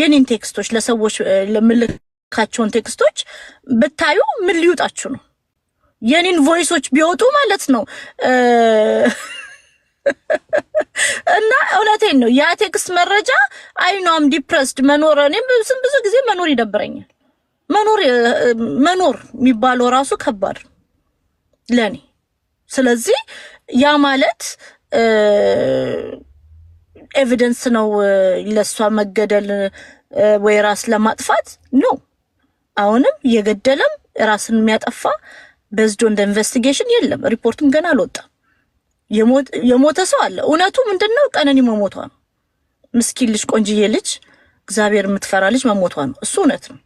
የኔን ቴክስቶች ለሰዎች ለምልካቸውን ቴክስቶች ብታዩ ምን ሊውጣችሁ ነው? የኔን ቮይሶች ቢወጡ ማለት ነው። እና እውነቴን ነው ያ ቴክስት መረጃ አይኗም ዲፕረስድ መኖር እኔም ብዙ ጊዜ መኖር ይደብረኛል። መኖር መኖር የሚባለው ራሱ ከባድ ለኔ። ስለዚህ ያ ማለት ኤቪደንስ ነው ለእሷ መገደል ወይ ራስ ለማጥፋት ነው። አሁንም የገደለም ራስን የሚያጠፋ በዝዶ እንደ ኢንቨስቲጌሽን የለም። ሪፖርቱም ገና አልወጣም። የሞተ ሰው አለ። እውነቱ ምንድን ነው? ቀነኒ መሞቷ ነው። ምስኪን ልጅ፣ ቆንጅዬ ልጅ፣ እግዚአብሔር የምትፈራ ልጅ መሞቷ ነው። እሱ እውነት ነው።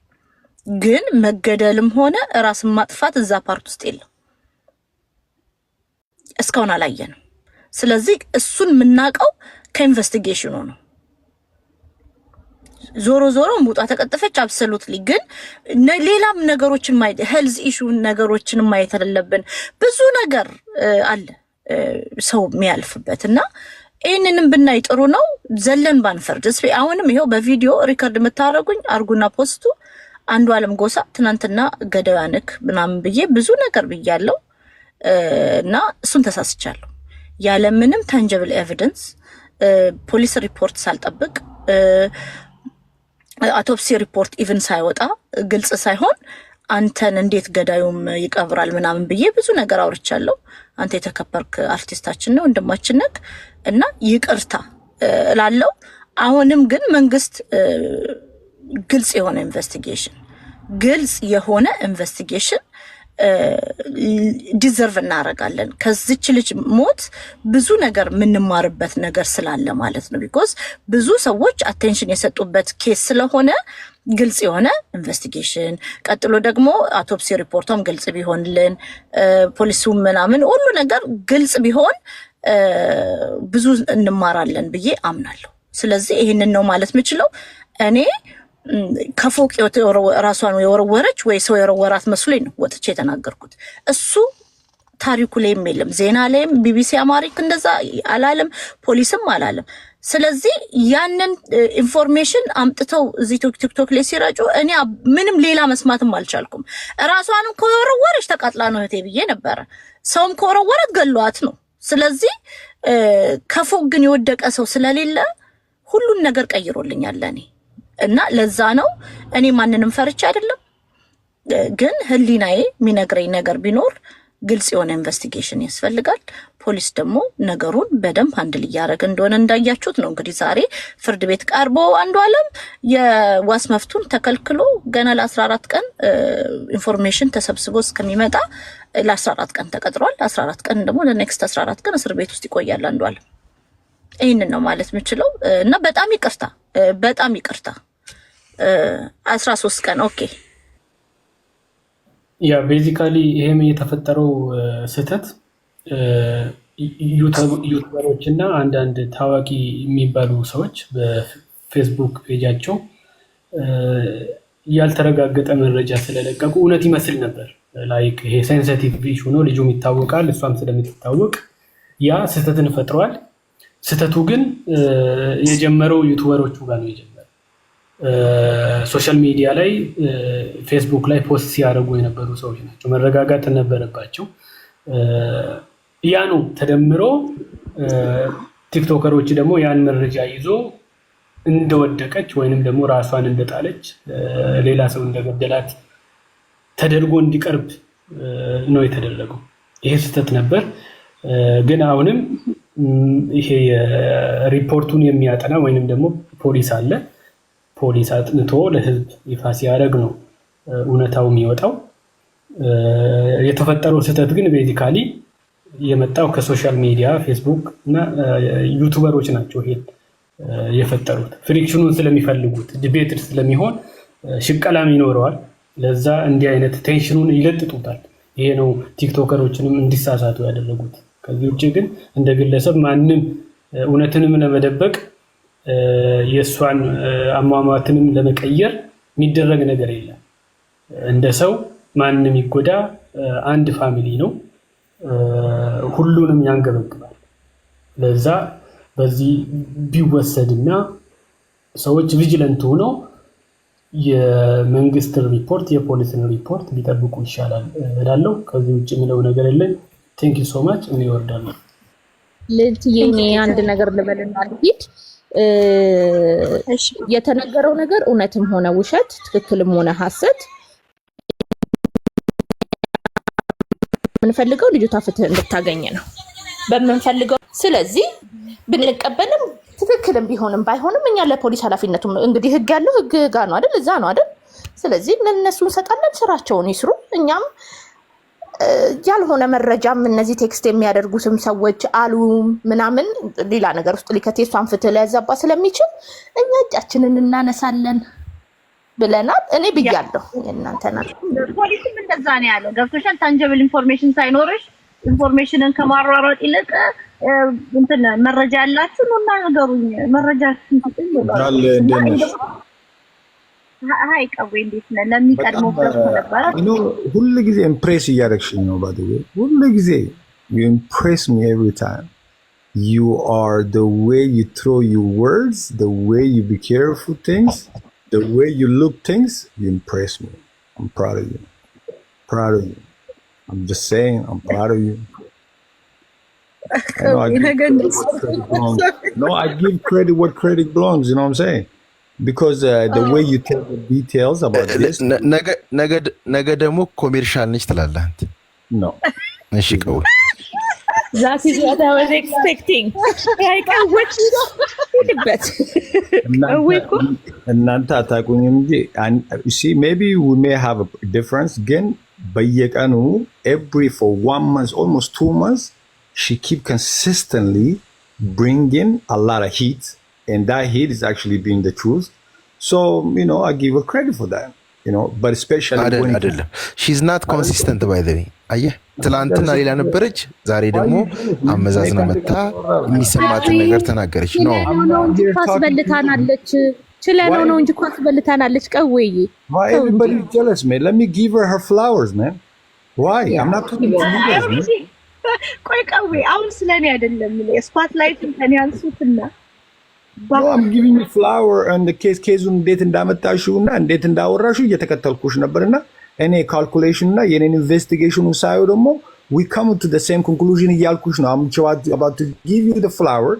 ግን መገደልም ሆነ ራስን ማጥፋት እዛ ፓርት ውስጥ የለም። እስካሁን አላየንም። ስለዚህ እሱን የምናውቀው ከኢንቨስቲጌሽኑ ነው። ዞሮ ዞሮ ሙጣ ተቀጥፈች። አብሶሉትሊ ግን ሌላም ነገሮችን ማየት ሄልዝ ኢሹ ነገሮችን ማየት አለብን። ብዙ ነገር አለ ሰው የሚያልፍበት እና ይህንንም ብናይ ጥሩ ነው። ዘለን ባንፈርድ። እስኪ አሁንም ይኸው በቪዲዮ ሪከርድ የምታደርጉኝ አርጉና ፖስቱ። አንዱ አለም ጎሳ ትናንትና ገዳዩንክ ምናምን ብዬ ብዙ ነገር ብያለው እና እሱን ተሳስቻለሁ። ያለምንም ታንጀብል ኤቪደንስ ፖሊስ ሪፖርት ሳልጠብቅ አቶፕሲ ሪፖርት ኢቨን ሳይወጣ ግልጽ ሳይሆን አንተን እንዴት ገዳዩም ይቀብራል ምናምን ብዬ ብዙ ነገር አውርቻለሁ። አንተ የተከበርክ አርቲስታችን ነው ወንድማችን ነክ እና ይቅርታ ላለው አሁንም ግን መንግስት ግልጽ የሆነ ኢንቨስቲጌሽን ግልጽ የሆነ ኢንቨስቲጌሽን ዲዘርቭ እናደርጋለን። ከዚች ልጅ ሞት ብዙ ነገር የምንማርበት ነገር ስላለ ማለት ነው። ቢኮዝ ብዙ ሰዎች አቴንሽን የሰጡበት ኬስ ስለሆነ ግልጽ የሆነ ኢንቨስቲጌሽን፣ ቀጥሎ ደግሞ አውቶፕሲ ሪፖርቷም ግልጽ ቢሆንልን፣ ፖሊሱም ምናምን ሁሉ ነገር ግልጽ ቢሆን ብዙ እንማራለን ብዬ አምናለሁ። ስለዚህ ይህንን ነው ማለት የምችለው እኔ ከፎቅ ራሷን የወረወረች ወይ ሰው የወረወራት መስሎኝ ነው ወጥቼ የተናገርኩት። እሱ ታሪኩ ላይም የለም፣ ዜና ላይም ቢቢሲ አማሪክ እንደዛ አላለም፣ ፖሊስም አላለም። ስለዚህ ያንን ኢንፎርሜሽን አምጥተው እዚህ ቲክቶክ ላይ ሲረጩ እኔ ምንም ሌላ መስማትም አልቻልኩም። እራሷንም ከወረወረች ተቃጥላ ነው እህቴ ብዬ ነበረ። ሰውም ከወረወረት ገሏት ነው። ስለዚህ ከፎቅ ግን የወደቀ ሰው ስለሌለ ሁሉን ነገር ቀይሮልኛል ለእኔ እና ለዛ ነው እኔ ማንንም ፈርቼ አይደለም። ግን ህሊናዬ የሚነግረኝ ነገር ቢኖር ግልጽ የሆነ ኢንቨስቲጌሽን ያስፈልጋል። ፖሊስ ደግሞ ነገሩን በደንብ አንድ እያደረገ እንደሆነ እንዳያችሁት ነው። እንግዲህ ዛሬ ፍርድ ቤት ቀርቦ አንዱ አለም የዋስ መፍቱን ተከልክሎ ገና ለ14 ቀን ኢንፎርሜሽን ተሰብስቦ እስከሚመጣ ለ14 ቀን ተቀጥሯል። 14 ቀን ደግሞ ለኔክስት 14 ቀን እስር ቤት ውስጥ ይቆያል አንዱ አለም። ይህንን ነው ማለት የምችለው እና በጣም ይቅርታ በጣም ይቅርታ አስራ ሶስት ቀን ኦኬ። ያ ቤዚካሊ ይህም የተፈጠረው ስህተት ዩቱበሮች እና አንዳንድ ታዋቂ የሚባሉ ሰዎች በፌስቡክ ፔጃቸው ያልተረጋገጠ መረጃ ስለለቀቁ እውነት ይመስል ነበር። ላይክ ይሄ ሴንሲቲቭ ኢሹ ነው፣ ልጁም ይታወቃል፣ እሷም ስለምትታወቅ ያ ስህተትን ፈጥሯል። ስህተቱ ግን የጀመረው ዩቱበሮቹ ጋር ነው የጀመረው። ሶሻል ሚዲያ ላይ ፌስቡክ ላይ ፖስት ሲያደርጉ የነበሩ ሰዎች ናቸው። መረጋጋት ነበረባቸው። ያ ነው ተደምሮ ቲክቶከሮች ደግሞ ያን መረጃ ይዞ እንደወደቀች ወይንም ደግሞ ራሷን እንደጣለች ሌላ ሰው እንደገደላት ተደርጎ እንዲቀርብ ነው የተደረገው። ይሄ ስህተት ነበር። ግን አሁንም ይሄ ሪፖርቱን የሚያጠና ወይንም ደግሞ ፖሊስ አለ ፖሊስ አጥንቶ ለህዝብ ይፋ ሲያደርግ ነው እውነታው የሚወጣው። የተፈጠረው ስህተት ግን ቤዚካሊ የመጣው ከሶሻል ሚዲያ ፌስቡክ እና ዩቱበሮች ናቸው ይሄን የፈጠሩት። ፍሪክሽኑን ስለሚፈልጉት ዲቤት ስለሚሆን ሽቀላም ይኖረዋል። ለዛ እንዲህ አይነት ቴንሽኑን ይለጥጡታል። ይሄ ነው ቲክቶከሮችንም እንዲሳሳቱ ያደረጉት። ከዚህ ውጭ ግን እንደ ግለሰብ ማንም እውነትንም ለመደበቅ የእሷን አሟሟትንም ለመቀየር የሚደረግ ነገር የለም። እንደ ሰው ማንም ይጎዳ፣ አንድ ፋሚሊ ነው፣ ሁሉንም ያንገበግባል። ለዛ በዚህ ቢወሰድና ሰዎች ቪጅለንት ሆነው የመንግስትን ሪፖርት የፖሊስን ሪፖርት ቢጠብቁ ይሻላል እላለሁ። ከዚህ ውጭ የሚለው ነገር የለም። ቴንኪ ሶማች እኔ እወርዳለሁ። ልጅ አንድ ነገር ልበልና ልሂድ የተነገረው ነገር እውነትም ሆነ ውሸት፣ ትክክልም ሆነ ሐሰት የምንፈልገው ልጅቷ ፍትህ እንድታገኝ ነው በምንፈልገው። ስለዚህ ብንቀበልም ትክክልም ቢሆንም ባይሆንም እኛ ለፖሊስ ኃላፊነቱ እንግዲህ ህግ ያለው ህግ ጋ ነው አይደል? እዛ ነው አይደል? ስለዚህ ለነሱ እንሰጣለን፣ ስራቸውን ይስሩ። እኛም ያልሆነ መረጃም እነዚህ ቴክስት የሚያደርጉትም ሰዎች አሉ ምናምን ሌላ ነገር ውስጥ ሊከት የሷን ፍትህ ሊያዛባ ስለሚችል እኛ እጃችንን እናነሳለን ብለናል። እኔ ብያለሁ። እናንተ ፖሊስም እንደዛ ነው ያለው። ገብቶሻል። ታንጀብል ኢንፎርሜሽን ሳይኖርሽ ኢንፎርሜሽንን ከማሯሯጥ ይልቅ እንትን መረጃ ያላችሁ ኑና ንገሩኝ መረጃ ስንትል አይቀወኝ እንዴት ነህ? ለሚቀድመው ገብቶ ነበረ። ሁል ጊዜ ኢምፕሬስ እያደረግሽኝ ነው። ባደ ሁል ጊዜ you impress me every time. You are the way you throw your words, the way you be careful things, the way you look things. You impress me. I'm proud of you. Proud of you. I'm just saying, I'm proud of you. no, I give credit what credit belongs. You know what I'm saying? ነገ uh, eh, eh, ደግሞ ኮሜርሻል ነች ትላለህ። እሺ ቀውል እናንተ አታውቁኝም እንጂ ሜይ ቢ ዊ ሜይ ሃቭ ዲፍረንስ ግን በየቀኑ ኤቭሪ ፎር ዋን መንዝ ኦልሞስት ቱ መንዝ ሺ ኪፕ ኮንሲስተንትሊ ብሪንግ ኢን አ ሎት ኦፍ ሂት and that hit is actually being the truth. So you know, I give her credit for that. You know, but especially አይደለም አይደለም she's not consistent by the way አየህ፣ ትላንትና ሌላ ነበረች፣ ዛሬ ደግሞ አመዛዝና መታ የሚሰማትን ነገር ተናገረች። ነው ታስበልታናለች ችለነው ነው እንጂ እኮ አስበልታናለች። ቀውዬ why everybody jealous man let me give her her flowers man why i'm not talking to you guys man ቆይ ቀውዬ አሁን ስለኔ አይደለም ስፖትላይትን ከኔ አንሱትና አም ጊቪንግ ፍላወር ኬዝ ኬዙን እንዴት እንዳመጣሽው እና እንዴት እንዳወራሽው እየተከተልኩሽ ነበር እና እኔ ካልኩሌሽን እና የኔን ኢንቨስቲጌሽኑ ሳየው ደግሞ ዊ ካም ቱ ሴም ኮንክሉዥን እያልኩሽ ነው። አም አባት ጊቭ ዩ ፍላወር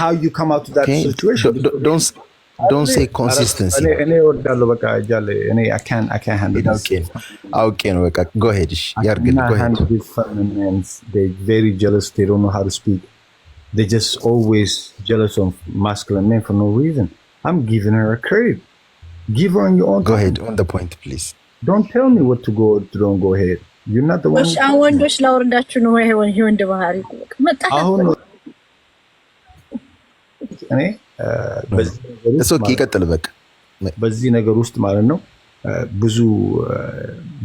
ሃው ዩ ካም አውት ዳት ሲቹዌሽን ዶንት ሴይ ኮንሲስተንሲ እኔ እወዳለሁ። በቃ እጃለ እኔ አካን አካን ሃንድ አውቄ ነው በቃ ጎሄድሽ ሄድ ጎሄድ ያርግልኝ ጀለስ ዶንት ኖ ሃው ቱ ስፒክ They're just always jealous of masculine men for no reason. I'm giving her a credit. Give her on your own. Go time. ahead on the point, please. Don't tell me what to go to. Don't go ahead. You're not the one. አሁን ወንዶች ላወረዳችሁ ነው። ይሄን ይሄን እንደ ባህሪ መጣ አሁን እኔ እሱ ይቀጥል። በቃ በዚህ ነገር ውስጥ ማለት ነው ብዙ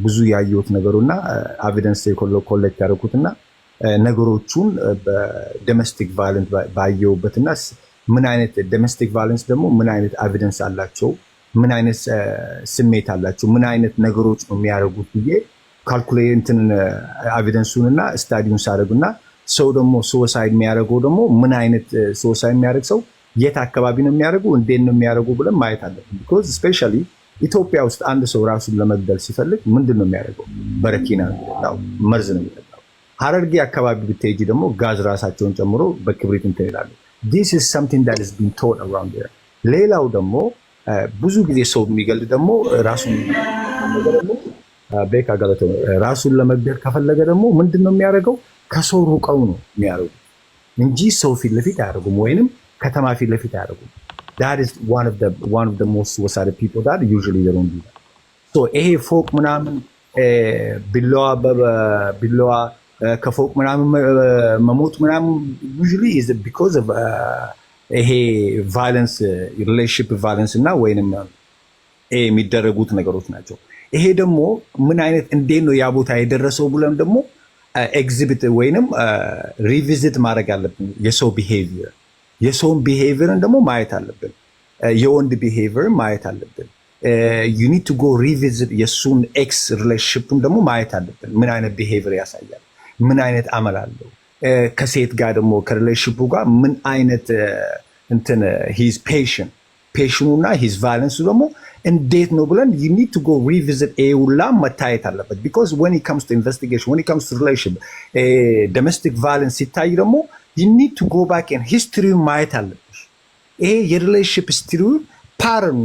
ብዙ ያየሁት ነገሩና ኤቪደንስ ኮሌክት ያደረኩትና ነገሮቹን በዶሜስቲክ ቫለንስ ባየውበት እና ምን አይነት ዶሜስቲክ ቫለንስ ደግሞ ምን አይነት ኤቪደንስ አላቸው፣ ምን አይነት ስሜት አላቸው፣ ምን አይነት ነገሮች ነው የሚያደርጉት ብዬ ካልኩሌትን ኤቪደንሱን እና ስታዲዩን ሳደርጉ እና ሰው ደግሞ ሶሳይድ የሚያደርገው ደግሞ ምን አይነት ሶሳይድ የሚያደርግ ሰው የት አካባቢ ነው የሚያደርጉ፣ እንዴት ነው የሚያደርጉ ብለን ማየት አለብን። ቢኮዝ ስፔሻሊ ኢትዮጵያ ውስጥ አንድ ሰው ራሱን ለመግደል ሲፈልግ ምንድን ነው የሚያደርገው? በረኪና መርዝ ነው። ሀረርጌ አካባቢ ብትሄጂ ደግሞ ጋዝ ራሳቸውን ጨምሮ በክብሪት እንትን ይላሉ። ዲስ ኢዝ ሰምቲንግ ዳት ኢዝ ቢን ቶልድ አራውንድ ሄር። ሌላው ደግሞ ብዙ ጊዜ ሰው የሚገልድ ደግሞ ራሱን ራሱን ለመግደል ከፈለገ ደግሞ ምንድን ነው የሚያደርገው? ከሰው ሩቀው ነው የሚያደርጉ እንጂ ሰው ፊት ለፊት አያደርጉም፣ ወይንም ከተማ ፊት ለፊት አያደርጉም። ይሄ ፎቅ ምናምን ቢለዋ ከፎቅ ምናምን መሞት ምናምን ቢኮዝ ይሄ ቫለንስ ሪሌሽንሽፕ ቫለንስ እና ወይንም የሚደረጉት ነገሮች ናቸው። ይሄ ደግሞ ምን አይነት እንዴት ነው ያ ቦታ የደረሰው ብለን ደግሞ ኤግዚቢት ወይንም ሪቪዚት ማድረግ አለብን። የሰው ቢሄቪየር የሰውን ቢሄቪየርን ደግሞ ማየት አለብን። የወንድ ቢሄቪር ማየት አለብን። ዩኒት ቱ ጎ ሪቪዚት የእሱን ኤክስ ሪሌሽንሽፕን ደግሞ ማየት አለብን። ምን አይነት ቢሄቪየር ያሳያል ምን አይነት አመል አለው? ከሴት ጋር ደግሞ ከሪሌሽንሺፑ ጋር ምን አይነት እንትን ሂዝ ፔሽን ፔሽኑ እና ሂዝ ቫለንሱ ደግሞ እንዴት ነው ብለን ዩ ኒድ ቱ ጎ ሪቪዚት ኤውላ መታየት አለበት። ቢኮዝ ወን ከምስ ቱ ኢንቨስቲጌሽን ወን ከምስ ቱ ሪሌሽን ዶሜስቲክ ቫለንስ ሲታይ ደግሞ ዩ ኒድ ቱ ጎ ባክ ን ሂስትሪውን ማየት አለብሽ። ይሄ የሪሌሽንሺፕ ሂስትሪውን ፓተርኑ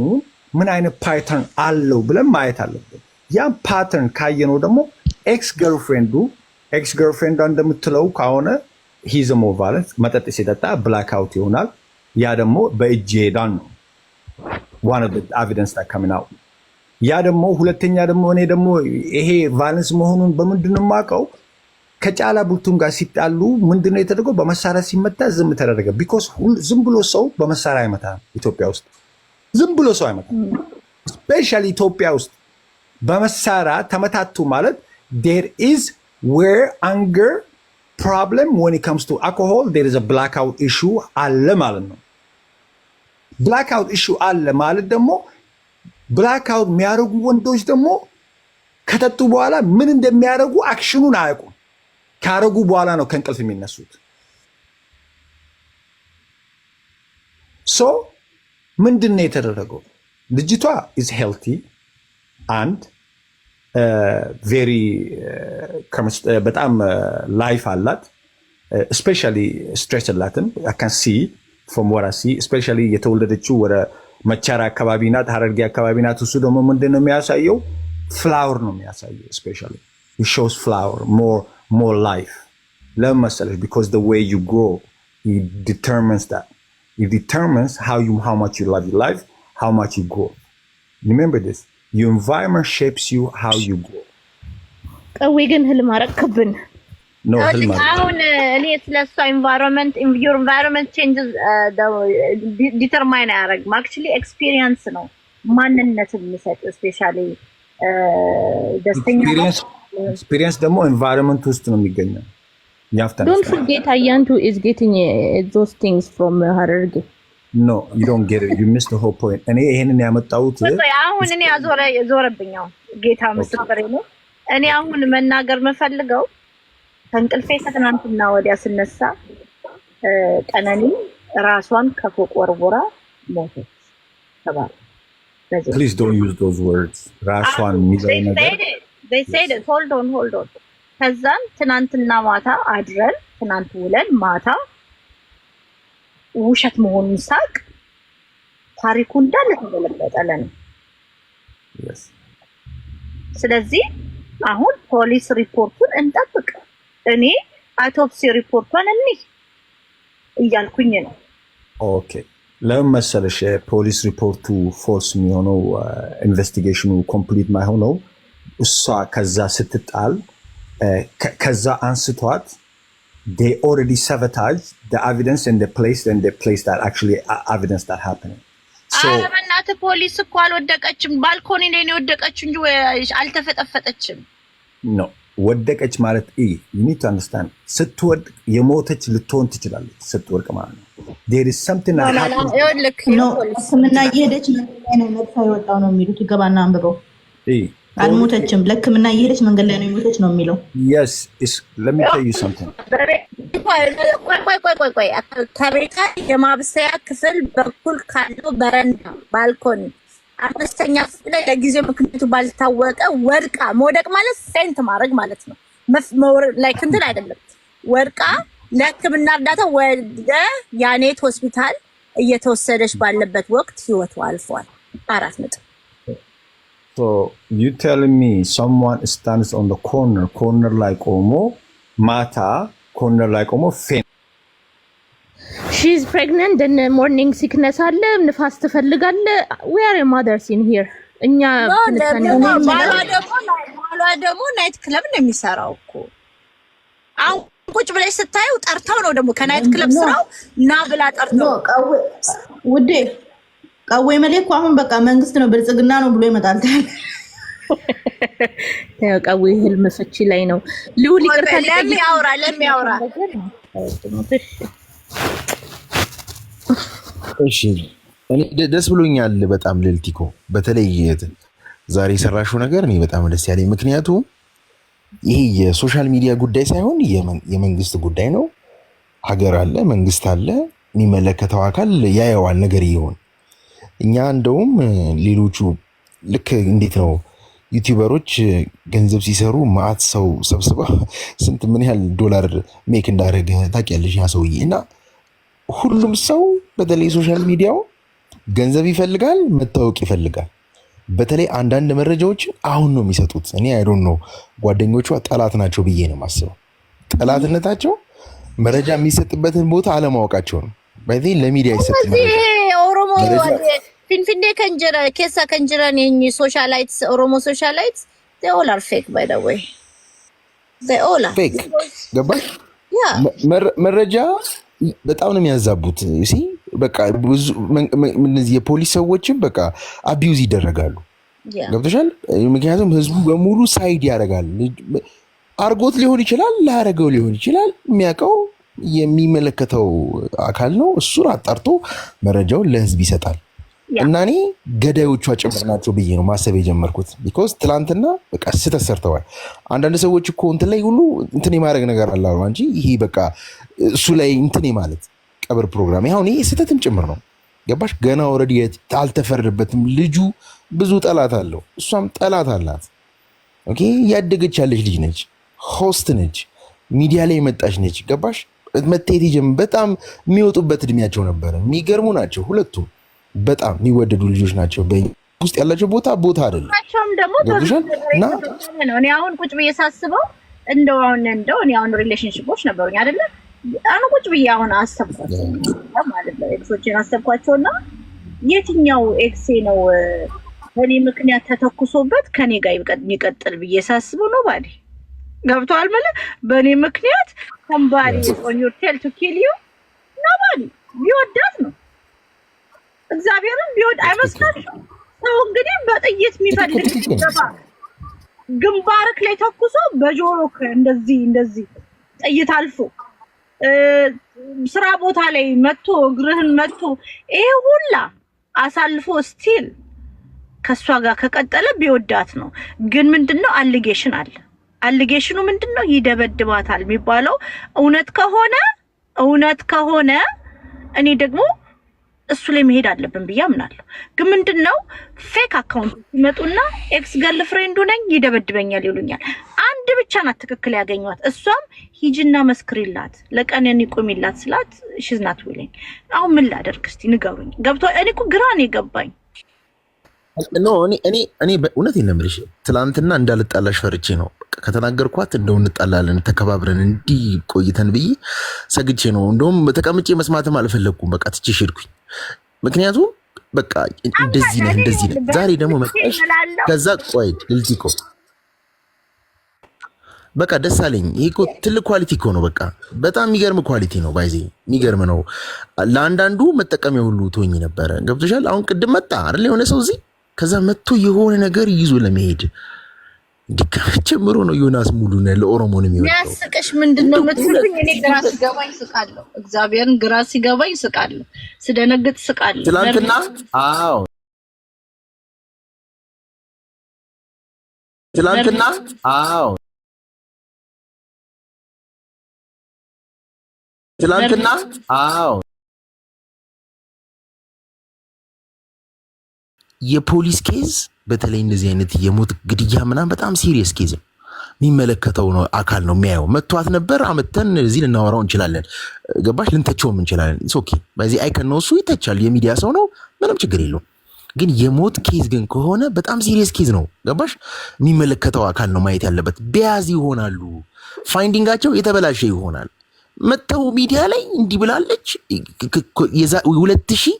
ምን አይነት ፓተርን አለው ብለን ማየት አለብን። ያም ፓተርን ካየነው ደግሞ ኤክስ ገርልፍሬንዱ ኤክስ ገርልፍሬንድ እንደምትለው ከሆነ ሂዝሞ ማለት መጠጥ ሲጠጣ ብላክ አውት ይሆናል። ያ ደግሞ በእጅ ይሄዳል ነው ዋን ኤቪደንስ ታካሚናው ያ ደግሞ ሁለተኛ ደግሞ እኔ ደግሞ ይሄ ቫለንስ መሆኑን በምንድን ነው የማውቀው? ከጫላ ቡልቱም ጋር ሲጣሉ ምንድን ነው የተደረገው? በመሳሪያ ሲመታ ዝም ተደረገ። ቢኮዝ ዝም ብሎ ሰው በመሳሪያ አይመታም። ኢትዮጵያ ውስጥ ዝም ብሎ ሰው አይመታም። ስፔሻሊ ኢትዮጵያ ውስጥ በመሳሪያ ተመታቱ ማለት ዴር ኢዝ ዌር አንገር ፕሮብለም ወን ከምስ ቱ አልኮሆል ዴር ዘ ብላክአውት ኢሹ አለ ማለት ነው። ብላክአውት ኢሹ አለ ማለት ደግሞ ብላክአውት የሚያደርጉ ወንዶች ደግሞ ከጠጡ በኋላ ምን እንደሚያደርጉ አክሽኑን አያውቁም። ካደረጉ በኋላ ነው ከእንቅልፍ የሚነሱት። ሶ ምንድን ነው የተደረገው? ልጅቷ ኢዝ ሄልቲ አንድ ቬሪ በጣም ላይፍ አላት። ስፔሻሊ ስትሬች አላትን አካን ሲ ፍሮም ወራ ሲ ስፔሻሊ የተወለደችው ወደ መቻራ አካባቢ ናት፣ ሀረርጌ አካባቢ ናት። እሱ ደግሞ ምንድን ነው የሚያሳየው? ፍላወር ነው የሚያሳየው። ስፔሻሊ ሾውስ ፍላወር ሞር ላይፍ ለምን መሰለሽ? ቢኮዝ ዘ ዌይ ዩ ግሮ ዲተርሚንስ ዳት ዲተርሚንስ ሃው ማች ዩ ላቭ ዩር ላይፍ ሃው ማች ዩ ግሮ ሪሜምበር ዲስ Your environment shapes you how you grow. ቀዊ ግን ህልም አረክብን አሁን እኔ ስለሷ ኢንቫይሮንመንት ዩር ኢንቫይሮንመንት ቼንጅስ ዲተርማይን አያደርግም። አክቹሊ ኤክስፒሪየንስ ነው ማንነት የሚሰጥ ስፔሻሊ uh, ደስተኛ ኤክስፒሪየንስ ደግሞ ኢንቫይሮንመንት ውስጥ ነው የሚገኘው። ዶንት ፎርጌት አያንቱ ኢዝ ጌቲንግ ዞዝ ቲንግስ ፍሮም ሀረርጌ ኖ ዩ ዶንት ጌት ዩ ሚስድ ዘ ሆል ፖይንት። እኔ ይሄንን ያመጣሁት አሁን እኔ አዞረ ዞረብኝ። ጌታ ምስክሬ ነው። እኔ አሁን መናገር የምፈልገው ከእንቅልፌ ከትናንትና ወዲያ ስነሳ ቀነኒ ራሷን ከፎቅ ወርውራ ሞተች ተባለ። ፕሊዝ ዶንት ዩዝ ዶዝ ወርድስ ራሷን የሚለው ነገር they said hold on hold on ከዛን ትናንትና ማታ አድረን ትናንት ውለን ማታ ውሸት መሆኑን ሳቅ ታሪኩ እንዳለ ተገለበጠ ነው። ስለዚህ አሁን ፖሊስ ሪፖርቱን እንጠብቅ። እኔ አውቶፕሲ ሪፖርቷን እኔ እያልኩኝ ነው። ኦኬ ለምን መሰለሽ የፖሊስ ሪፖርቱ ፎልስ የሚሆነው ኢንቨስቲጌሽኑ ኮምፕሊት ማይሆነው እሷ ከዛ ስትጣል ከዛ አንስቷት ኦልሬዲ ሰበታጅ the evidence in the place and the place that actually evidence that happening. አረበናተ ፖሊስ እኮ አልወደቀችም። ባልኮኒ ላይ ነው የወደቀችው እንጂ አልተፈጠፈጠችም። ኖ ወደቀች ማለት ኢ ዩ ኒድ ቱ አንደርስታንድ ስትወድቅ የሞተች ልትሆን ትችላለች። ስትወድቅ ማለት ነው ዴር ኢዝ ሰምቲንግ ሕክምና እየሄደች ነው መድፋ የወጣው ነው የሚሉት። ይገባና አንብበው አልሞተችም። ለሕክምና እየሄደች መንገድ ላይ ነው የሞተች ነው የሚለው ስ ለሚታዩ ሰምቲንግ ቆይ የማብሰያ ክፍል በኩል ካለው በረንዳ ባልኮን አምስተኛ ክፍል ላይ ለጊዜው ምክንያቱ ባልታወቀ ወድቃ፣ መውደቅ ማለት ሴንት ማድረግ ማለት ነው። ላይክ እንትን አይደለም። ወድቃ ለሕክምና እርዳታ ወደ ያኔት ሆስፒታል እየተወሰደች ባለበት ወቅት ህይወቱ አልፏል። አራት ነጥብ። ዩ ቴል ሚ ሰምዋን ስታንድስ ኦን ኮርነር ኮርነር ላይ ቆሞ ማታ ኮርነር ላይ ቆሞ ፌን ሺዝ ፕሬግነንት ን ሞርኒንግ ሲክነስ አለ፣ ንፋስ ትፈልጋለ። ዌር ማደርስ ኢን ሂር እኛ ባሏ ደግሞ ናይት ክለብ ነው የሚሰራው እኮ አሁን ቁጭ ብለሽ ስታየው ጠርተው ነው ደግሞ ከናይት ክለብ ስራው ና ብላ ጠርተው ውዴ ቀዌ መሌ እኮ አሁን በቃ መንግስት ነው ብልጽግና ነው ብሎ ይመጣል። ተያውቃዊ ህልም ፍቺ ላይ ነው። ልዑል ይቅርታ ለሚያውራ ለሚያውራ እሺ፣ እኔ ደስ ብሎኛል በጣም ልልቲኮ፣ በተለይ ዛሬ የሰራሽው ነገር እኔ በጣም ደስ ያለኝ ምክንያቱም ይሄ የሶሻል ሚዲያ ጉዳይ ሳይሆን የመንግስት ጉዳይ ነው። ሀገር አለ፣ መንግስት አለ፣ የሚመለከተው አካል ያየዋል። ነገር ይሆን እኛ እንደውም ሌሎቹ ልክ እንዴት ነው ዩቲዩበሮች ገንዘብ ሲሰሩ ማአት ሰው ሰብስባ ስንት ምን ያህል ዶላር ሜክ እንዳደረገ ታውቂያለሽ? ያ ሰውዬ እና ሁሉም ሰው በተለይ ሶሻል ሚዲያው ገንዘብ ይፈልጋል፣ መታወቅ ይፈልጋል። በተለይ አንዳንድ መረጃዎችን አሁን ነው የሚሰጡት። እኔ አይዶን ነው ጓደኞቿ ጠላት ናቸው ብዬ ነው የማስበው። ጠላትነታቸው መረጃ የሚሰጥበትን ቦታ አለማወቃቸው ነው። ለሚዲያ ይሰጥ ፊንፊኔ ከንጀራ ኬሳ ከንጀራን የኝ ሶሻላይትስ ኦሮሞ ሶሻላይትስ they all are fake by the way they all are fake ገባሽ? መረጃ በጣም ነው የሚያዛቡት። ሲ በቃ ብዙ እነዚህ የፖሊስ ሰዎችም በቃ አቢዩዝ ይደረጋሉ። ገብቶሻል? ምክንያቱም ህዝቡ በሙሉ ሳይድ ያደርጋል። አርጎት ሊሆን ይችላል፣ ላያደርገው ሊሆን ይችላል። የሚያውቀው የሚመለከተው አካል ነው። እሱን አጣርቶ መረጃውን ለህዝብ ይሰጣል። እና እኔ ገዳዮቿ ጭምር ናቸው ብዬ ነው ማሰብ የጀመርኩት። ቢኮዝ ትላንትና በቃ ስህተት ሰርተዋል። አንዳንድ ሰዎች እኮ እንትን ላይ ሁሉ እንትን የማድረግ ነገር አላሉ እንጂ ይሄ በቃ እሱ ላይ እንትን ማለት ቀብር ፕሮግራም ይሁን ይሄ ስህተትም ጭምር ነው። ገባሽ? ገና ኦልሬዲ አልተፈረደበትም። ልጁ ብዙ ጠላት አለው፣ እሷም ጠላት አላት። ኦኬ ያደገች ያለች ልጅ ነች፣ ሆስት ነች፣ ሚዲያ ላይ የመጣች ነች። ገባሽ? መታየት በጣም የሚወጡበት እድሜያቸው ነበረ። የሚገርሙ ናቸው ሁለቱም በጣም የሚወደዱ ልጆች ናቸው። ውስጥ ያላቸው ቦታ ቦታ አይደለም። እኔ አሁን ቁጭ ብዬ ሳስበው እንደው አሁን እንደው እኔ አሁን ሪሌሽንሽፖች ነበሩኝ አይደለ? አሁን ቁጭ ብዬ አሁን አሰብኳቸው ማለት ነው። ኤክሶችን አሰብኳቸውና የትኛው ኤክሴ ነው በእኔ ምክንያት ተተኩሶበት ከኔ ጋር የሚቀጥል ብዬ ሳስበው ነው ባዴ ገብተዋል መለ በእኔ ምክንያት ከምባሪ ኦን ዮር ቴል ቱ ኪል ዩ ኖባዲ ቢወዳት ነው እግዚአብሔርም ቢወድ አይመስላችሁም? ሰው እንግዲህ በጥይት የሚፈልግ ግንባርክ ላይ ተኩሶ በጆሮክ እንደዚህ እንደዚህ ጥይት አልፎ ስራ ቦታ ላይ መጥቶ እግርህን መጥቶ ይሄ ሁላ አሳልፎ ስቲል ከእሷ ጋር ከቀጠለ ቢወዳት ነው። ግን ምንድነው አሊጌሽን አለ። አሊጌሽኑ ምንድነው ይደበድባታል የሚባለው እውነት ከሆነ እውነት ከሆነ እኔ ደግሞ እሱ ላይ መሄድ አለብን ብዬ አምናለሁ። ግን ምንድን ነው ፌክ አካውንት ሲመጡና ኤክስ ገል ፍሬንዱ ነኝ ይደበድበኛል ይሉኛል። አንድ ብቻ ናት ትክክል ያገኟት። እሷም ሂጅና መስክሪላት ለቀነኒ ቁሚላት ስላት ሽዝናት ውለኝ። አሁን ምን ላደርግ እስቲ ንገሩኝ። ገብቶ እኔ እኮ ግራ ነው የገባኝ። እኔ እውነቴን ነው የምልሽ፣ ትላንትና እንዳልጣላሽ ፈርቼ ነው ከተናገርኳት እንደው እንጣላለን ተከባብረን እንዲህ ቆይተን ብዬ ሰግቼ ነው። እንደውም ተቀምጬ መስማትም አልፈለግኩም። በቃ ትቼሽ ሄድኩኝ። ምክንያቱም በቃ እንደዚህ ነህ እንደዚህ ነህ። ዛሬ ደግሞ መጣሽ። ከዛ ቆይ ልልቲ እኮ በቃ ደስ አለኝ። ይሄ እኮ ትልቅ ኳሊቲ እኮ ነው። በቃ በጣም የሚገርም ኳሊቲ ነው። ባይዜ የሚገርም ነው። ለአንዳንዱ መጠቀሚያ ሁሉ ትሆኝ ነበረ። ገብቶሻል። አሁን ቅድም መጣ አይደል የሆነ ሰው እዚህ ከዛ መጥቶ የሆነ ነገር ይዞ ለመሄድ ድካም ጀምሮ ነው ዮናስ ሙሉ ነው ለኦሮሞ ነው የሚወጣው። ያስቅሽ ምንድነው የምትሉኝ? እኔ ግራ ሲገባኝ ስቃለሁ። እግዚአብሔርን ግራ ሲገባኝ ስቃለሁ። ስደነግጥ ስቃለሁ። ትላንትና አዎ ትላንትና አዎ ትላንትና አዎ የፖሊስ ኬዝ በተለይ እንደዚህ አይነት የሞት ግድያ ምናምን በጣም ሲሪየስ ኬዝ ነው የሚመለከተው ነው አካል ነው የሚያየው። መቷት ነበር አመተን እዚህ ልናወራው እንችላለን፣ ገባሽ ልንተቸውም እንችላለን። ኦኬ በዚህ አይከን ነው እሱ ይተቻል፣ የሚዲያ ሰው ነው፣ ምንም ችግር የለውም። ግን የሞት ኬዝ ግን ከሆነ በጣም ሲሪየስ ኬዝ ነው፣ ገባሽ የሚመለከተው አካል ነው ማየት ያለበት። ቢያዝ ይሆናሉ ፋይንዲንጋቸው የተበላሸ ይሆናል። መተው ሚዲያ ላይ እንዲህ ብላለች። ሁለት ሺህ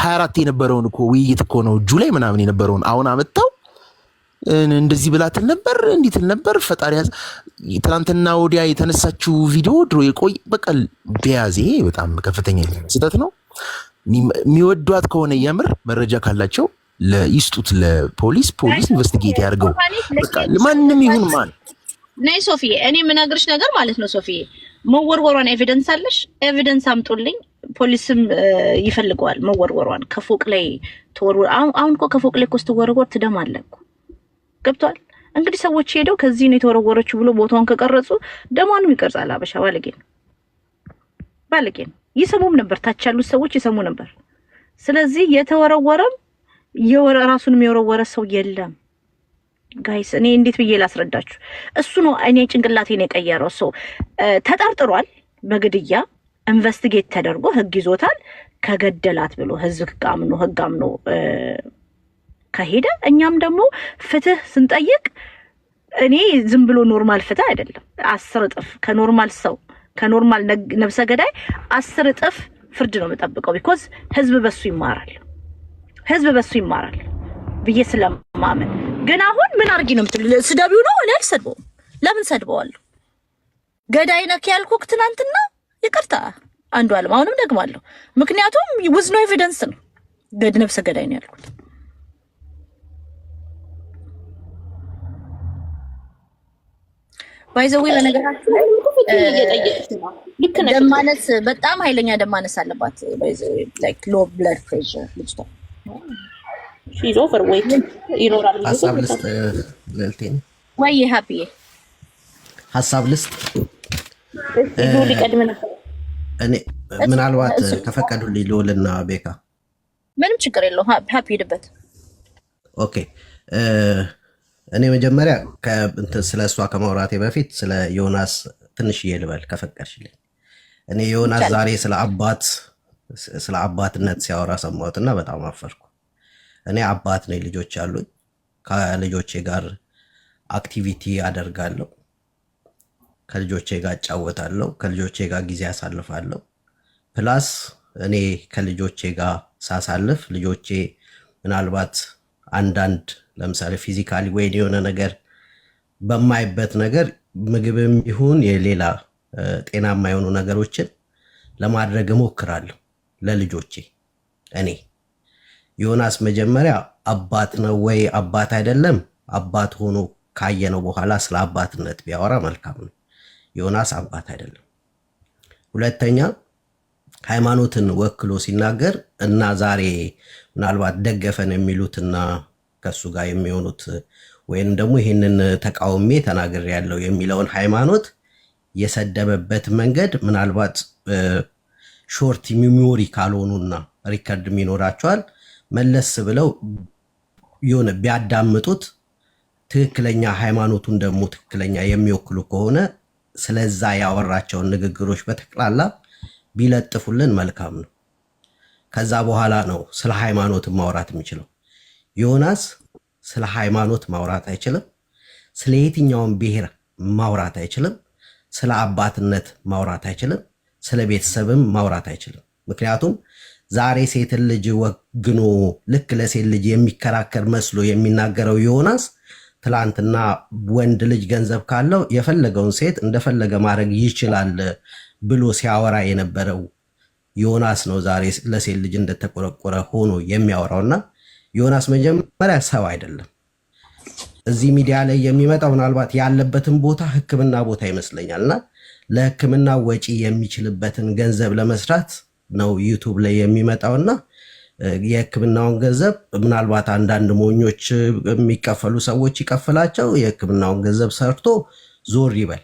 ሀያ አራት የነበረውን እኮ ውይይት እኮ ነው እጁ ላይ ምናምን የነበረውን አሁን አመጣው እንደዚህ ብላትል ነበር እንዲትል ነበር ፈጣሪ ትናንትና ወዲያ የተነሳችው ቪዲዮ ድሮ የቆይ በቀል በያዜ በጣም ከፍተኛ ስህተት ነው። የሚወዷት ከሆነ የምር መረጃ ካላቸው ለይስጡት ለፖሊስ ፖሊስ ኢንቨስቲጌት ያድርገው። ማንም ይሁን ማን ነይ ሶፊዬ፣ እኔ የምነግርሽ ነገር ማለት ነው ሶፊዬ መወርወሯን ኤቪደንስ አለሽ? ኤቪደንስ አምጡልኝ። ፖሊስም ይፈልገዋል። መወርወሯን ከፎቅ ላይ ተወርወር። አሁን እኮ ከፎቅ ላይ እኮ ስትወረወር ትደማለህ እኮ ገብቷል። እንግዲህ ሰዎች ሄደው ከዚህ ነው የተወረወረችው ብሎ ቦታውን ከቀረጹ ደሟንም ይቀርጻል። አበሻ ባለጌ ነው፣ ባለጌ ነው። ይሰሙም ነበር፣ ታች ያሉት ሰዎች ይሰሙ ነበር። ስለዚህ የተወረወረም ራሱን የወረወረ ሰው የለም። ጋይስ እኔ እንዴት ብዬ ላስረዳችሁ? እሱ ነው እኔ ጭንቅላቴን የቀየረው። ሰው ተጠርጥሯል በግድያ ኢንቨስቲጌት ተደርጎ ህግ ይዞታል። ከገደላት ብሎ ህዝብ ጋምኖ ህግ አምኖ ከሄደ እኛም ደግሞ ፍትህ ስንጠይቅ እኔ ዝም ብሎ ኖርማል ፍትህ አይደለም፣ አስር እጥፍ ከኖርማል ሰው ከኖርማል ነብሰ ገዳይ አስር እጥፍ ፍርድ ነው የምጠብቀው። ቢኮዝ ህዝብ በሱ ይማራል፣ ህዝብ በሱ ይማራል ብዬ ስለማመን ግን አሁን ምን አድርጊ ነው የምትለው? ስደቢው ነው እኔ አልሰድበውም። ለምን ሰድበዋለሁ? ገዳይ ነክ ያልኩክ ትናንትና ይቅርታ አንዱ አለም አሁንም ደግማለሁ። ምክንያቱም ውዝ ነው ኤቪደንስ ነው ገድ ነብሰ ገዳይ ነው ያልኩት። ባይ ዘ ባይዘዌ ለነገራችሁ ደማነስ በጣም ኃይለኛ ደማነስ አለባት። ባይ ዘ ባይዘዌ ላይክ ሎ ብለድ ፕሬሸር ልጅቷ ሺዝ ኦቨር ዌይት ይኖራል። ሀሳብ ልስጥ ልልቴ ወይ ሀፒዬ ሀሳብ ልስጥ ሊቀድም ነበር። እኔ ምናልባት ከፈቀዱልኝ ልውልና ቤካ ምንም ችግር የለው ሀፒ ሄድበት። ኦኬ እኔ መጀመሪያ ስለ እሷ ከማውራቴ በፊት ስለ ዮናስ ትንሽዬ ልበል ከፈቀድሽልኝ። እኔ ዮናስ ዛሬ ስለ አባት ስለ አባትነት ሲያወራ ሰማሁትና በጣም አፈርኩ። እኔ አባት ነኝ፣ ልጆች አሉኝ። ከልጆቼ ጋር አክቲቪቲ አደርጋለሁ። ከልጆቼ ጋር እጫወታለሁ። ከልጆቼ ጋር ጊዜ አሳልፋለሁ። ፕላስ እኔ ከልጆቼ ጋር ሳሳልፍ ልጆቼ ምናልባት አንዳንድ ለምሳሌ ፊዚካሊ ወይን የሆነ ነገር በማይበት ነገር ምግብም ይሁን የሌላ ጤናማ የሆኑ ነገሮችን ለማድረግ እሞክራለሁ ለልጆቼ እኔ ዮናስ መጀመሪያ አባት ነው ወይ አባት አይደለም፣ አባት ሆኖ ካየነው በኋላ ስለ አባትነት ቢያወራ መልካም ነው። ዮናስ አባት አይደለም። ሁለተኛ ሃይማኖትን ወክሎ ሲናገር እና ዛሬ ምናልባት ደገፈን የሚሉትና ከሱ ጋር የሚሆኑት ወይም ደግሞ ይህንን ተቃውሜ ተናግሬ ያለው የሚለውን ሃይማኖት የሰደበበት መንገድ ምናልባት ሾርት ሚሞሪ ካልሆኑና ሪከርድ ይኖራቸዋል መለስ ብለው የሆነ ቢያዳምጡት ትክክለኛ ሃይማኖቱን ደግሞ ትክክለኛ የሚወክሉ ከሆነ ስለዛ ያወራቸውን ንግግሮች በጠቅላላ ቢለጥፉልን መልካም ነው። ከዛ በኋላ ነው ስለ ሃይማኖት ማውራት የሚችለው። ዮናስ ስለ ሃይማኖት ማውራት አይችልም። ስለ የትኛውን ብሔር ማውራት አይችልም። ስለ አባትነት ማውራት አይችልም። ስለ ቤተሰብም ማውራት አይችልም። ምክንያቱም ዛሬ ሴትን ልጅ ወግኖ ልክ ለሴት ልጅ የሚከራከር መስሎ የሚናገረው ዮናስ ትላንትና ወንድ ልጅ ገንዘብ ካለው የፈለገውን ሴት እንደፈለገ ማድረግ ይችላል ብሎ ሲያወራ የነበረው ዮናስ ነው ዛሬ ለሴት ልጅ እንደተቆረቆረ ሆኖ የሚያወራውና ዮናስ መጀመሪያ ሰው አይደለም። እዚህ ሚዲያ ላይ የሚመጣው ምናልባት ያለበትን ቦታ ሕክምና ቦታ ይመስለኛልና ለሕክምና ወጪ የሚችልበትን ገንዘብ ለመስራት ነው ዩቱብ ላይ የሚመጣውና የህክምናውን ገንዘብ ምናልባት አንዳንድ ሞኞች የሚከፈሉ ሰዎች ይከፍላቸው የህክምናውን ገንዘብ ሰርቶ ዞር ይበል።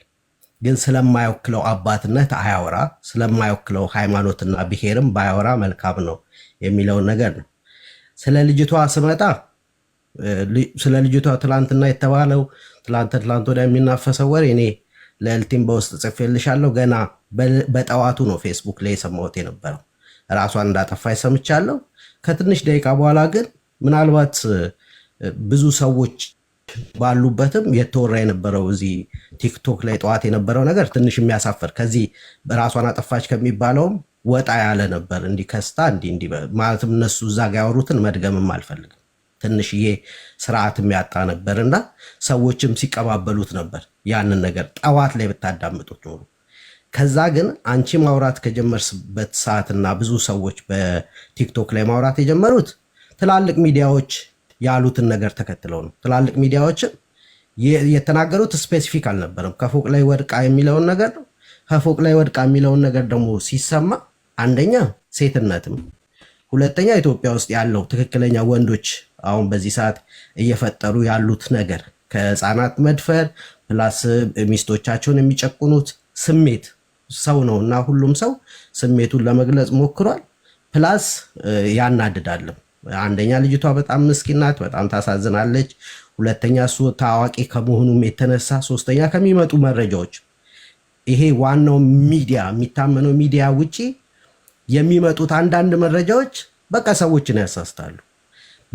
ግን ስለማይወክለው አባትነት አያወራ፣ ስለማይወክለው ሃይማኖትና ብሔርም ባያወራ መልካም ነው የሚለውን ነገር ነው። ስለ ልጅቷ ስመጣ ስለ ልጅቷ ትላንትና የተባለው ትላንት ትላንት ወዲያ የሚናፈሰው ወሬ እኔ ለልቲም በውስጥ ጽፌልሻለሁ። ገና በጠዋቱ ነው ፌስቡክ ላይ የሰማሁት የነበረው። ራሷን እንዳጠፋች ሰምቻለሁ። ከትንሽ ደቂቃ በኋላ ግን ምናልባት ብዙ ሰዎች ባሉበትም የተወራ የነበረው እዚህ ቲክቶክ ላይ ጠዋት የነበረው ነገር ትንሽ የሚያሳፍር ከዚህ ራሷን አጠፋች ከሚባለውም ወጣ ያለ ነበር። እንዲከስታ እንዲ ማለትም እነሱ እዛ ጋ ያወሩትን መድገምም አልፈልግም። ትንሽዬ ስርዓት የሚያጣ ነበር እና ሰዎችም ሲቀባበሉት ነበር። ያንን ነገር ጠዋት ላይ ብታዳምጡት ኖሩ። ከዛ ግን አንቺ ማውራት ከጀመርበት ሰዓትና ብዙ ሰዎች በቲክቶክ ላይ ማውራት የጀመሩት ትላልቅ ሚዲያዎች ያሉትን ነገር ተከትለው ነው። ትላልቅ ሚዲያዎችን የተናገሩት ስፔሲፊክ አልነበረም። ከፎቅ ላይ ወድቃ የሚለውን ነገር ነው። ከፎቅ ላይ ወድቃ የሚለውን ነገር ደግሞ ሲሰማ አንደኛ ሴትነትም፣ ሁለተኛ ኢትዮጵያ ውስጥ ያለው ትክክለኛ ወንዶች አሁን በዚህ ሰዓት እየፈጠሩ ያሉት ነገር ከህፃናት መድፈር ፕላስ ሚስቶቻቸውን የሚጨቁኑት ስሜት ሰው ነው እና ሁሉም ሰው ስሜቱን ለመግለጽ ሞክሯል። ፕላስ ያናድዳልም። አንደኛ ልጅቷ በጣም ምስኪን ናት፣ በጣም ታሳዝናለች። ሁለተኛ እሱ ታዋቂ ከመሆኑም የተነሳ፣ ሶስተኛ ከሚመጡ መረጃዎች ይሄ ዋናው ሚዲያ የሚታመነው ሚዲያ ውጪ የሚመጡት አንዳንድ መረጃዎች በቃ ሰዎችን ያሳስታሉ።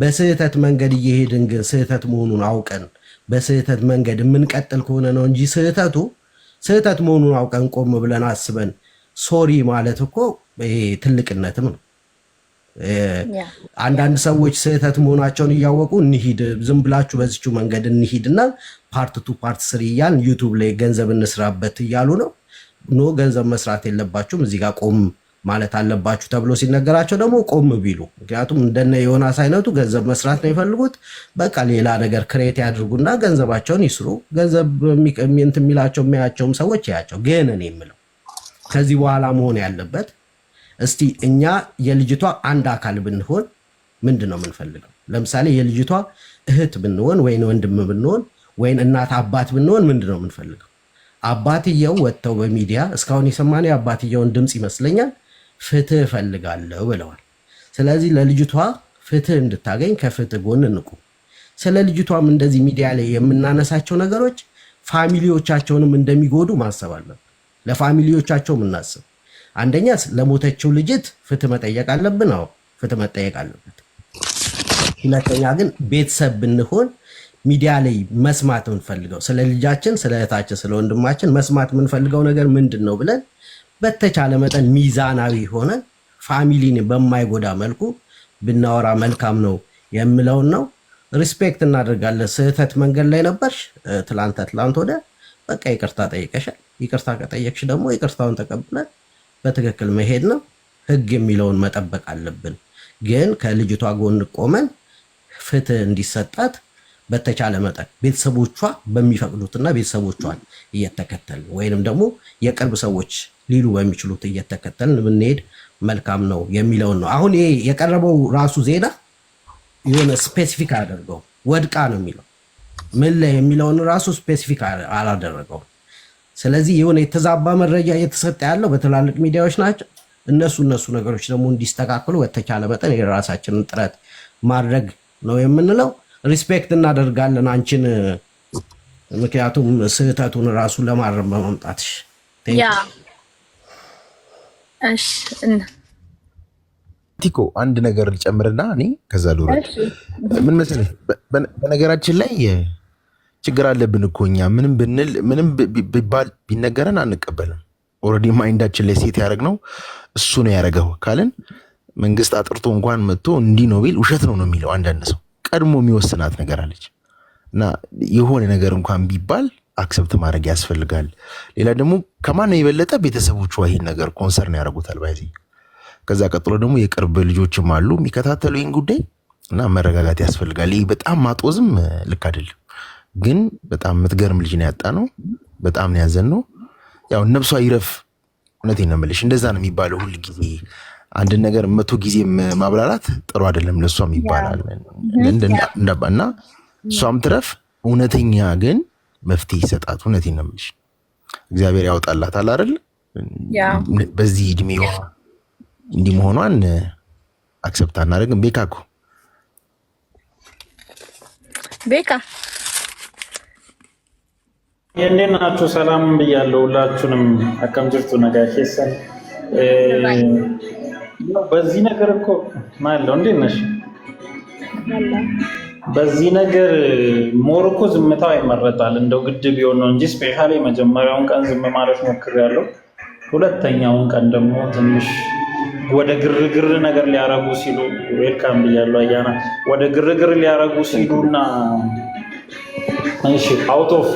በስህተት መንገድ እየሄድን ግን ስህተት መሆኑን አውቀን በስህተት መንገድ የምንቀጥል ከሆነ ነው እንጂ ስህተቱ ስህተት መሆኑን አውቀን ቆም ብለን አስበን ሶሪ ማለት እኮ ይሄ ትልቅነትም ነው። አንዳንድ ሰዎች ስህተት መሆናቸውን እያወቁ እንሂድ፣ ዝም ብላችሁ በዚች መንገድ እንሂድና ፓርት ቱ ፓርት ስሪ እያልን ዩቱብ ላይ ገንዘብ እንስራበት እያሉ ነው። ኖ ገንዘብ መስራት የለባችሁም እዚህ ጋር ቆም ማለት አለባችሁ ተብሎ ሲነገራቸው ደግሞ ቆም ቢሉ፣ ምክንያቱም እንደነ ዮናስ አይነቱ ገንዘብ መስራት ነው የፈልጉት። በቃ ሌላ ነገር ክሬት ያድርጉና ገንዘባቸውን ይስሩ። ገንዘብ እንትን የሚላቸው የሚያቸውም ሰዎች ያቸው። ግን እኔ የምለው ከዚህ በኋላ መሆን ያለበት እስቲ እኛ የልጅቷ አንድ አካል ብንሆን ምንድን ነው የምንፈልገው? ለምሳሌ የልጅቷ እህት ብንሆን ወይን ወንድም ብንሆን ወይን እናት አባት ብንሆን ምንድን ነው የምንፈልገው? አባትየው ወጥተው በሚዲያ እስካሁን የሰማነው የአባትየውን ድምፅ ይመስለኛል ፍትህ እፈልጋለሁ ብለዋል። ስለዚህ ለልጅቷ ፍትህ እንድታገኝ ከፍትህ ጎን ንቁ። ስለ ልጅቷም እንደዚህ ሚዲያ ላይ የምናነሳቸው ነገሮች ፋሚሊዎቻቸውንም እንደሚጎዱ ማሰብ አለብን። ለፋሚሊዎቻቸው እናስብ። አንደኛ ለሞተችው ልጅት ፍትህ መጠየቅ አለብን። አዎ ፍትህ መጠየቅ አለበት። ሁለተኛ ግን ቤተሰብ ብንሆን ሚዲያ ላይ መስማት የምንፈልገው ስለ ልጃችን፣ ስለ እህታችን፣ ስለ ወንድማችን መስማት የምንፈልገው ነገር ምንድን ነው ብለን በተቻለ መጠን ሚዛናዊ ሆነ ፋሚሊን በማይጎዳ መልኩ ብናወራ መልካም ነው የምለውን ነው። ሪስፔክት እናደርጋለን። ስህተት መንገድ ላይ ነበርሽ። ትላንት ትላንት ወደ በቃ ይቅርታ ጠይቀሻል። ይቅርታ ከጠየቅሽ ደግሞ ይቅርታውን ተቀብለን በትክክል መሄድ ነው። ህግ የሚለውን መጠበቅ አለብን። ግን ከልጅቷ ጎን ቆመን ፍትህ እንዲሰጣት በተቻለ መጠን ቤተሰቦቿ በሚፈቅዱትና ቤተሰቦቿን እየተከተልን ወይንም ደግሞ የቅርብ ሰዎች ሊሉ በሚችሉት እየተከተልን ብንሄድ መልካም ነው የሚለውን ነው። አሁን ይሄ የቀረበው ራሱ ዜና የሆነ ስፔሲፊክ አያደርገው ወድቃ ነው የሚለው ምን ላይ የሚለውን ራሱ ስፔሲፊክ አላደረገውም። ስለዚህ የሆነ የተዛባ መረጃ እየተሰጠ ያለው በትላልቅ ሚዲያዎች ናቸው። እነሱ እነሱ ነገሮች ደግሞ እንዲስተካከሉ በተቻለ መጠን የራሳችንን ጥረት ማድረግ ነው የምንለው። ሪስፔክት እናደርጋለን አንቺን፣ ምክንያቱም ስህተቱን ራሱ ለማረም በመምጣትሽ ቲኮ አንድ ነገር ልጨምርና እኔ ከዛ ዶሮ ምን መሰለሽ፣ በነገራችን ላይ ችግር አለብን እኮ እኛ ምንም ብንል ምንም ቢባል ቢነገረን አንቀበልም። ኦልሬዲ ማይንዳችን ላይ ሴት ያደረግ ነው እሱ ነው ያደረገው ካልን መንግስት አጥርቶ እንኳን መጥቶ እንዲህ ነው ቢል ውሸት ነው ነው የሚለው። አንዳንድ ሰው ቀድሞ የሚወስናት ነገር አለች እና የሆነ ነገር እንኳን ቢባል አክሰብት ማድረግ ያስፈልጋል። ሌላ ደግሞ ከማን የበለጠ ቤተሰቦች ይህን ነገር ኮንሰርን ያደርጉታል። ባይዚ ከዛ ቀጥሎ ደግሞ የቅርብ ልጆችም አሉ የሚከታተሉ ይህን ጉዳይ እና መረጋጋት ያስፈልጋል። ይህ በጣም ማጦዝም ልክ አይደለም፣ ግን በጣም የምትገርም ልጅ ነው ያጣ ነው። በጣም ነው ያዘን ነው። ያው ነብሷ ይረፍ። እውነቴን ነው የምልሽ፣ እንደዛ ነው የሚባለው ሁል ጊዜ አንድን ነገር መቶ ጊዜ ማብላላት ጥሩ አይደለም፣ ለእሷም ይባላል እና እሷም ትረፍ። እውነተኛ ግን መፍትሄ ይሰጣት። እውነቴን ነው የምልሽ። እግዚአብሔር ያወጣላታል አይደል? በዚህ እድሜዋ እንዲህ መሆኗን አክሰብት አናደርግም። ቤካ እኮ ቤካ እንዴት ናችሁ? ሰላም ብያለሁ ሁላችሁንም። አቀም ጅርቱ ነጋሽሰን በዚህ ነገር እኮ ማለው እንዴት ነሽ? በዚህ ነገር ሞር እኮ ዝምታው ይመረጣል። እንደው ግድ ቢሆን ነው እንጂ ስፔሻሊ የመጀመሪያውን ቀን ዝም ማለት ሞክሬያለሁ። ሁለተኛውን ቀን ደግሞ ትንሽ ወደ ግርግር ነገር ሊያረጉ ሲሉ ዌልካም ብያለሁ። አያና ወደ ግርግር ሊያረጉ ሲሉና እሺ አውት ኦፍ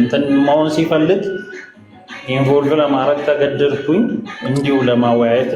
እንትን መሆን ሲፈልግ ኢንቮልቭ ለማድረግ ተገደድኩኝ እንዲሁ ለማወያየት